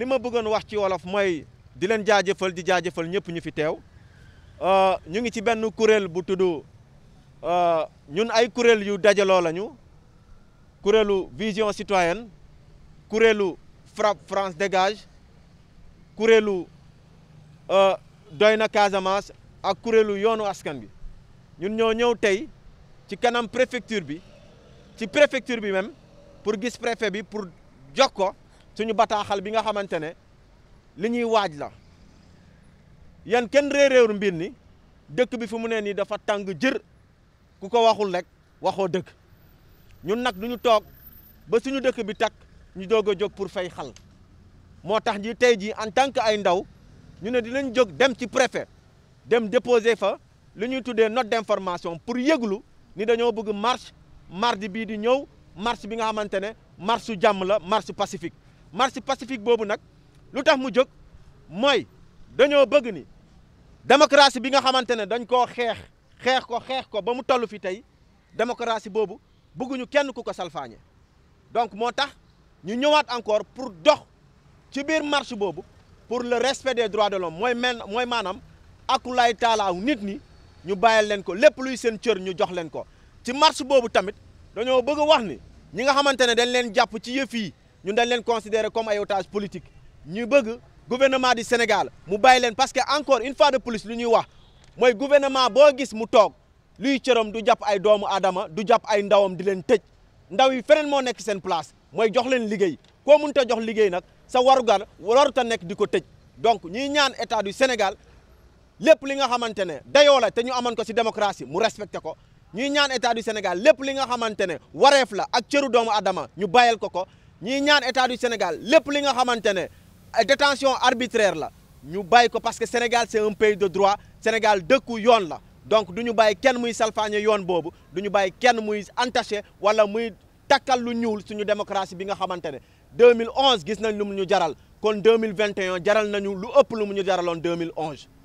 li ma bëggoon wax ci wolof mooy di leen jaajëfal di jaajëfal ñëpp ñu fi teew euh, ñu ngi ci benn kuréel bu tudd euh, ñun ay kuréel yu dajaloo lañu kuréelu vision citoyenne kuréelu frappe France dégage kuréelu euh, doy na Casamance ak kuréelu yoonu askan bi ñun ñoo ñëw tey ci kanam préfecture bi ci préfecture bi même pour gis préfet bi pour jox suñu bataaxal bi nga xamante ne li ñuy waaj la yan kenn réeréeru mbir ni dëkk bi fi mu nee nii dafa tàng jër ku ko waxul rek waxoo dëgg ñun nag du ñu toog ba suñu dëkk bi takk ñu doog a jóg pour fay xal moo tax ji tey jii en tant que ay ndaw ñu ne dinañ jóg dem ci préfet dem déposer fa li ñuy tuddee note information pour yëglu ni dañoo bëgg marche mardi bii di ñëw marche bi nga xamante ne marche su jàmm la marche pacifique marche pacifique boobu nag lu tax mu jóg moy dañoo bëgg ni démocratie bi nga xamante ne dañ koo xeex xeex ko xeex ko ba mu toll fi tey démocratie boobu bëgguñu kenn ku ko salfaañe donc moo tax ñu ñëwaat encore pour dox ci biir marche boobu pour le respect des droits de lom mooy men mooy maanaam akulaay taalaaw nit ñi ñu bàyyil leen ko lépp luy seen cër ñu jox leen ko ci marche boobu tamit dañoo bëgg a wax ni ñi nga xamante ne dañ leen jàpp ci yëf yi ñun dañ leen considérer comme ay otage politique ñu bëgg gouvernement di Sénégal mu bàyyi leen parce que encore une fois de plus lu ñuy wax mooy gouvernement boo gis mu toog luy cëram du jàpp ay doomu aadama du jàpp ay ndawam di leen tëj ndaw yi fereen moo nekk seen place mooy jox leen liggéey koo mun ta jox liggéey nag sa warugar waruta nekk di ko tëj donc ñuy ñaan état du Sénégal lépp li nga xamante ne dayoo te ñu amoon ko ci démocratie mu respecté ko ñuy ñaan état Sénégal lépp li nga xamante ne wareef la ak cëru doomu aadama ñu bàyyil ko ko ñiy ñaan état du Sénégal lépp li nga xamante ne détention arbitraire la ñu bàyyi ko parce que Sénégal c'est un pays de droit Sénégal dëkku yoon la donc du ñu bàyyi kenn muy salfaañe yoon boobu du ñu bàyyi kenn muy entaché wala muy takkal lu ñuul suñu démocratie bi nga xamante ne 2011 gis nañ lu mu ñu jaral kon 2021 jaral nañu lu ëpp lu mu ñu jaraloon 2011.